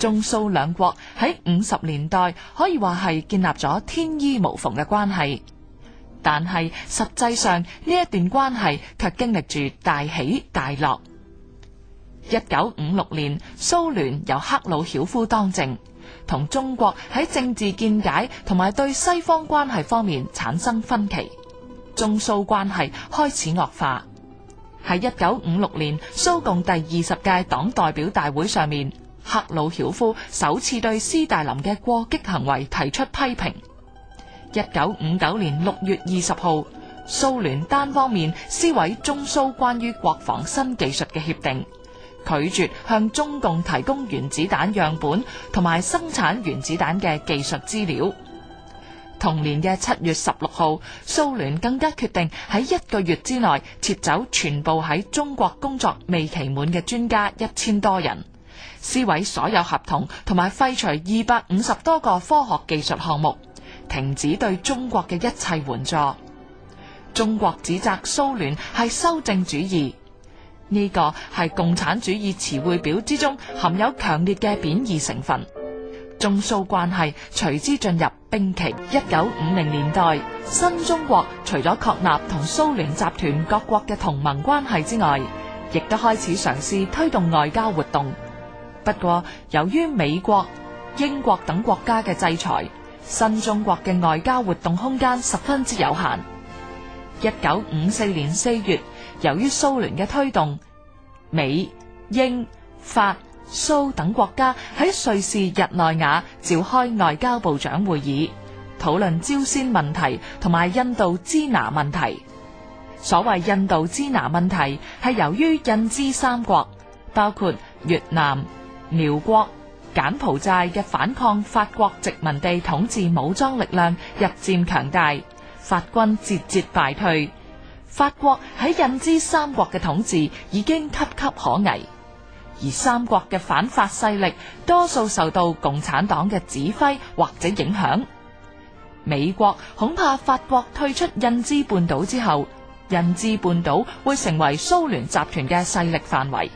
中蘇兩國喺五十年代可以話係建立咗天衣無縫嘅關係，但係實際上呢一段關係卻經歷住大起大落。一九五六年，蘇聯由赫魯曉夫當政，同中國喺政治見解同埋對西方關係方面產生分歧，中蘇關係開始惡化。喺一九五六年蘇共第二十屆黨代表大會上面，赫魯曉夫首次對斯大林嘅過激行為提出批評。一九五九年六月二十號，蘇聯單方面撕毀中蘇關於國防新技術嘅協定，拒絕向中共提供原子彈樣本同埋生產原子彈嘅技術資料。同年嘅七月十六號，蘇聯更加決定喺一個月之內撤走全部喺中國工作未期滿嘅專家一千多人。撕毀所有合同，同埋廢除二百五十多個科學技術項目，停止對中國嘅一切援助。中國指責蘇聯係修正主義，呢、這個係共產主義詞彙表之中含有強烈嘅貶義成分。中蘇關係隨之進入冰期。一九五零年代，新中國除咗確立同蘇聯集團各國嘅同盟關係之外，亦都開始嘗試，試推動外交活動。不過，由於美國、英國等國家嘅制裁，新中國嘅外交活動空間十分之有限。一九五四年四月，由於蘇聯嘅推動，美、英、法、蘇等國家喺瑞士日內瓦召開外交部長會議，討論朝鮮問題同埋印度支那問題。所謂印度支那問題，係由於印支三國，包括越南。寮國、柬埔寨嘅反抗法國殖民地統治武裝力量日漸強大，法軍節節敗退，法國喺印支三國嘅統治已經岌岌可危，而三國嘅反法勢力多數受到共產黨嘅指揮或者影響。美國恐怕法國退出印支半島之後，印支半島會成為蘇聯集團嘅勢力範圍。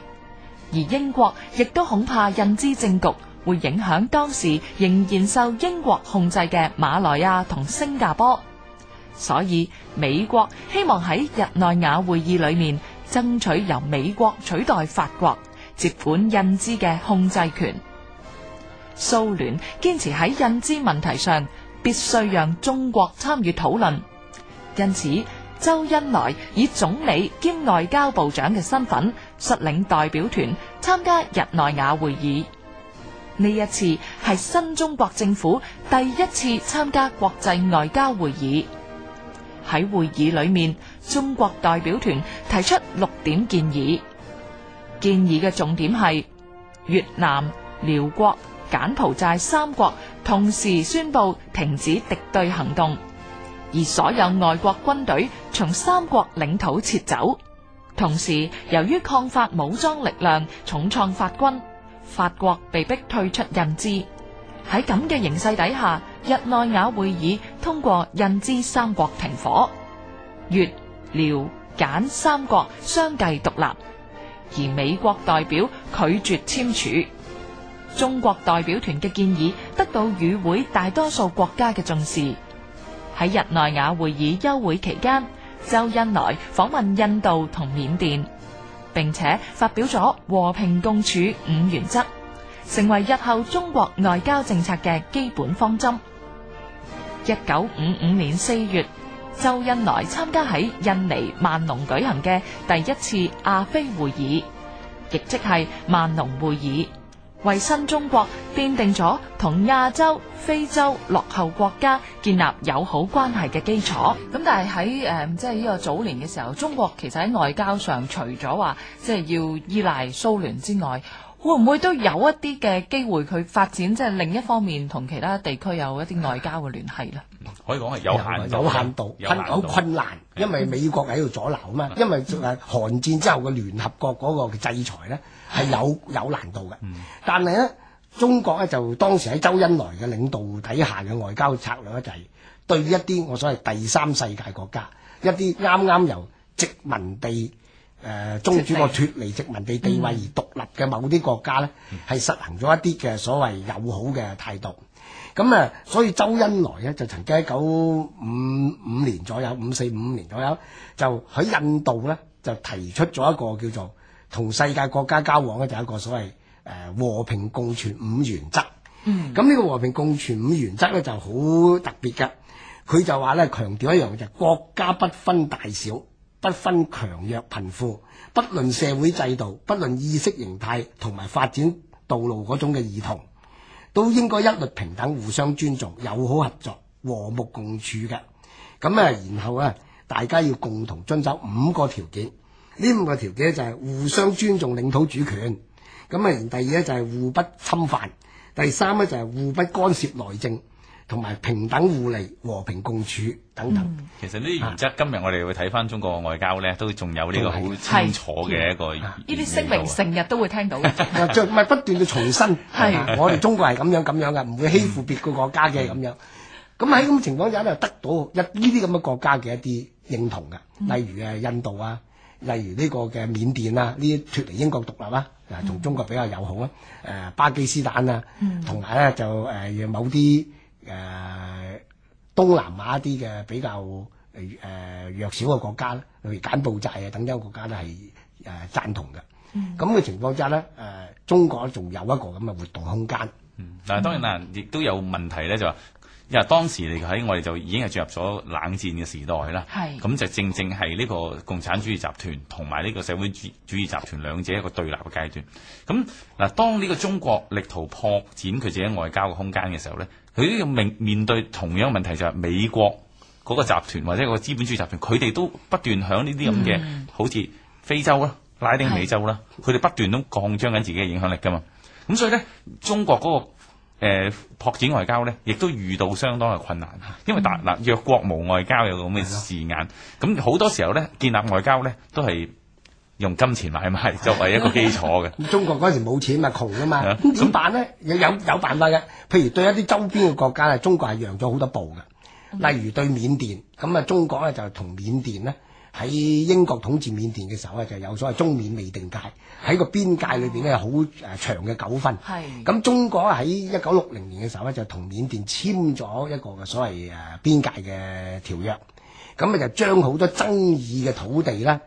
而英國亦都恐怕印支政局會影響當時仍然受英國控制嘅馬來亞同新加坡，所以美國希望喺日內瓦會議裏面爭取由美國取代法國接管印支嘅控制權。蘇聯堅持喺印支問題上必須讓中國參與討論，因此周恩來以總理兼外交部長嘅身份。率領代表團參加日內瓦會議，呢一次係新中國政府第一次參加國際外交會議。喺會議裏面，中國代表團提出六點建議，建議嘅重點係越南、寮國、柬埔寨三國同時宣布停止敵對行動，而所有外國軍隊從三國領土撤走。同時，由於抗法武裝力量重創法軍，法國被迫退出印支。喺咁嘅形勢底下，日內瓦會議通過印支三國停火，越、寮、柬三國相繼獨立，而美國代表拒絕簽署。中國代表團嘅建議得到與會大多數國家嘅重視。喺日內瓦會議休會期間，周恩來訪問印度同緬甸，並且發表咗和平共處五原則，成為日後中國外交政策嘅基本方針。一九五五年四月，周恩來參加喺印尼萬隆舉行嘅第一次亞非會議，亦即係萬隆會議。為新中國奠定咗同亞洲、非洲落後國家建立友好關係嘅基礎。咁但係喺誒，即係呢個早年嘅時候，中國其實喺外交上除咗話即係要依賴蘇聯之外。會唔會都有一啲嘅機會，佢發展即係另一方面同其他地區有一啲外交嘅聯繫咧？可以講係有限，有限度，好困難，因為美國喺度阻攔啊嘛。因為誒，韓戰之後嘅聯合國嗰個制裁咧，係有有難度嘅。但係咧，中國咧就當時喺周恩來嘅領導底下嘅外交策略咧，就係對一啲我所謂第三世界國家，一啲啱啱由殖民地。誒、呃，中主要脫離殖民地地位而獨立嘅某啲國家咧，係、嗯、實行咗一啲嘅所謂友好嘅態度。咁啊，所以周恩來咧就曾經一九五五年左右，五四五年左右，就喺印度咧就提出咗一個叫做同世界國家交往咧，就一個所謂誒、呃、和平共存五原則。嗯，咁呢個和平共存五原則咧就好特別嘅，佢就話咧強調一樣就是、國家不分大小，不分強弱貧富，不論社會制度，不論意識形態同埋發展道路嗰種嘅異同，都應該一律平等、互相尊重、友好合作、和睦共處嘅。咁啊，然後啊，大家要共同遵守五個條件。呢五個條件就係互相尊重領土主權。咁啊，第二呢就係互不侵犯。第三呢就係互不干涉內政。同埋平等互利、和平共處等等，嗯、其實呢啲原則、啊、今日我哋會睇翻中國外交咧，都仲有呢個好清楚嘅一個。呢啲、嗯嗯、聲明成日都會聽到嘅，唔係 不斷去重申。係、 啊、我哋中國係咁樣咁樣嘅，唔會欺負別個國家嘅咁樣。咁喺咁嘅情況之下，就得到一呢啲咁嘅國家嘅一啲認同㗎，例如誒印度啊，例如呢個嘅緬甸啊，呢脫離英國獨立啊，同中國比較友好啊，誒、呃、巴基斯坦啊，同埋咧就誒某啲。誒、呃、東南亞一啲嘅比較誒誒、呃、弱小嘅國家咧，例如柬埔寨啊等等國家咧係誒贊同嘅。咁嘅、嗯、情況之下咧，誒、呃、中國仲有一個咁嘅活動空間。嗯，嗱當然啦，亦、嗯、都有問題咧，就話。因為當時嚟睇，我哋就已經係進入咗冷戰嘅時代啦。咁是就正正係呢個共產主義集團同埋呢個社會主義集團兩者一個對立嘅階段。咁嗱，當呢個中國力圖擴展佢自己外交嘅空間嘅時候咧，佢都要面面對同樣問題，就係美國嗰個集團或者個資本主義集團，佢哋都不斷響呢啲咁嘅，嗯、好似非洲啦、拉丁美洲啦，佢哋是不斷都擴張緊自己嘅影響力㗎嘛。咁所以咧，中國嗰、那個。誒擴，呃、展外交咧，亦都遇到相當嘅困難，因為大嗱，弱國無外交，有咁嘅字眼，咁好的多時候咧，建立外交咧都係用金錢買賣作為一個基礎嘅。 中國嗰陣時冇錢，窮嘛，窮啊嘛，咁點辦咧？ 有有有辦法嘅，譬如對一啲周邊嘅國家咧，中國係讓咗好多步嘅，例如對緬甸，咁啊中國咧就同緬甸咧。喺英國統治緬甸嘅時候咧，就有所謂中緬未定界喺個邊界裏邊咧，有好誒長嘅糾紛。係是。咁中國喺一九六零年嘅時候咧，就同緬甸簽咗一個嘅所謂誒邊界嘅條約。咁咪就將好多爭議嘅土地咧，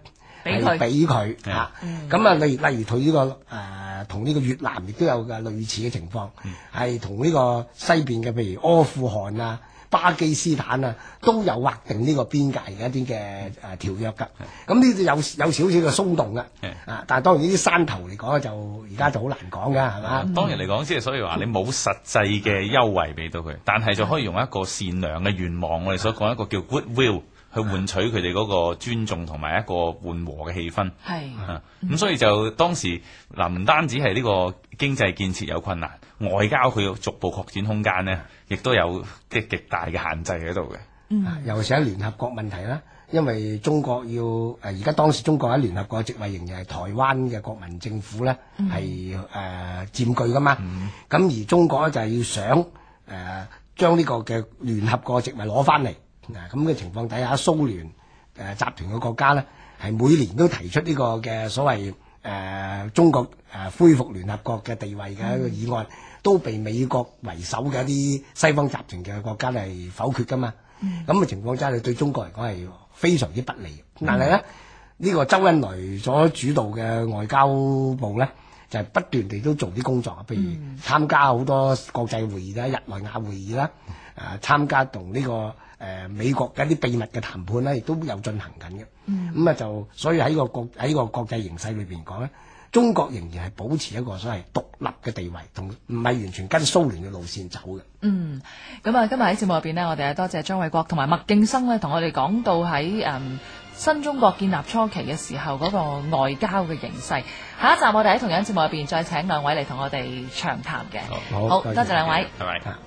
俾佢他，俾佢嚇。咁是啊，例例如佢呢、這個誒、呃、同呢個越南亦都有嘅類似嘅情況，係、嗯、同呢個西邊嘅譬如阿富汗啊。巴基斯坦啊，都有劃定呢個邊界嘅一啲嘅誒條約㗎，咁呢啲有有少少嘅鬆動嘅，的啊，但係當然呢啲山頭嚟講咧，就而家就好難講㗎，係嘛的吧、啊？當然嚟講，即係所以話你冇實際嘅優惠俾到佢，的但係就可以用一個善良嘅願望，的我哋所講一個叫 goodwill。去換取佢哋嗰個尊重同埋一個緩和嘅氣氛。係係，咁所以就當時，嗱、呃，唔單止係呢個經濟建設有困難，外交佢逐步擴展空間咧，亦都有極極大嘅限制喺度嘅。是嗯，尤其是喺聯合國問題啦，因為中國要誒而家當時中國喺聯合國嘅席位仍然係台灣嘅國民政府咧係誒佔據噶嘛。咁、嗯、而中國咧就係要想誒將呢個嘅聯合國嘅席位攞翻嚟。嗱咁嘅情況底下，蘇聯誒集團嘅國家呢，係每年都提出呢個嘅所謂誒、呃、中國誒、呃、恢復聯合國嘅地位嘅一個議案，嗯、都被美國為首嘅一啲西方集團嘅國家嚟否決噶嘛。咁嘅、嗯、情況真係對中國嚟講係非常之不利。嗯、但係呢，呢、這個周恩來所主導嘅外交部呢，就係、是、不斷地都做啲工作，譬如參加好多國際會議啦、日內瓦會議啦，誒、呃、參、呃、加同呢、這個。這個誒、呃、美國嘅一啲秘密嘅談判咧，亦都有進行緊嘅。咁啊、嗯嗯、就所以喺個國喺個國際形勢裏邊講咧，中國仍然係保持一個所謂獨立嘅地位，同唔係完全跟蘇聯嘅路線走嘅、嗯啊。嗯，咁啊，今日喺節目入邊呢，我哋啊多謝張衛國同埋麥敬生咧，同我哋講到喺誒新中國建立初期嘅時候嗰個外交嘅形勢。下一集我哋喺同樣節目入邊再請兩位嚟同我哋長談嘅。好，多謝兩位謝。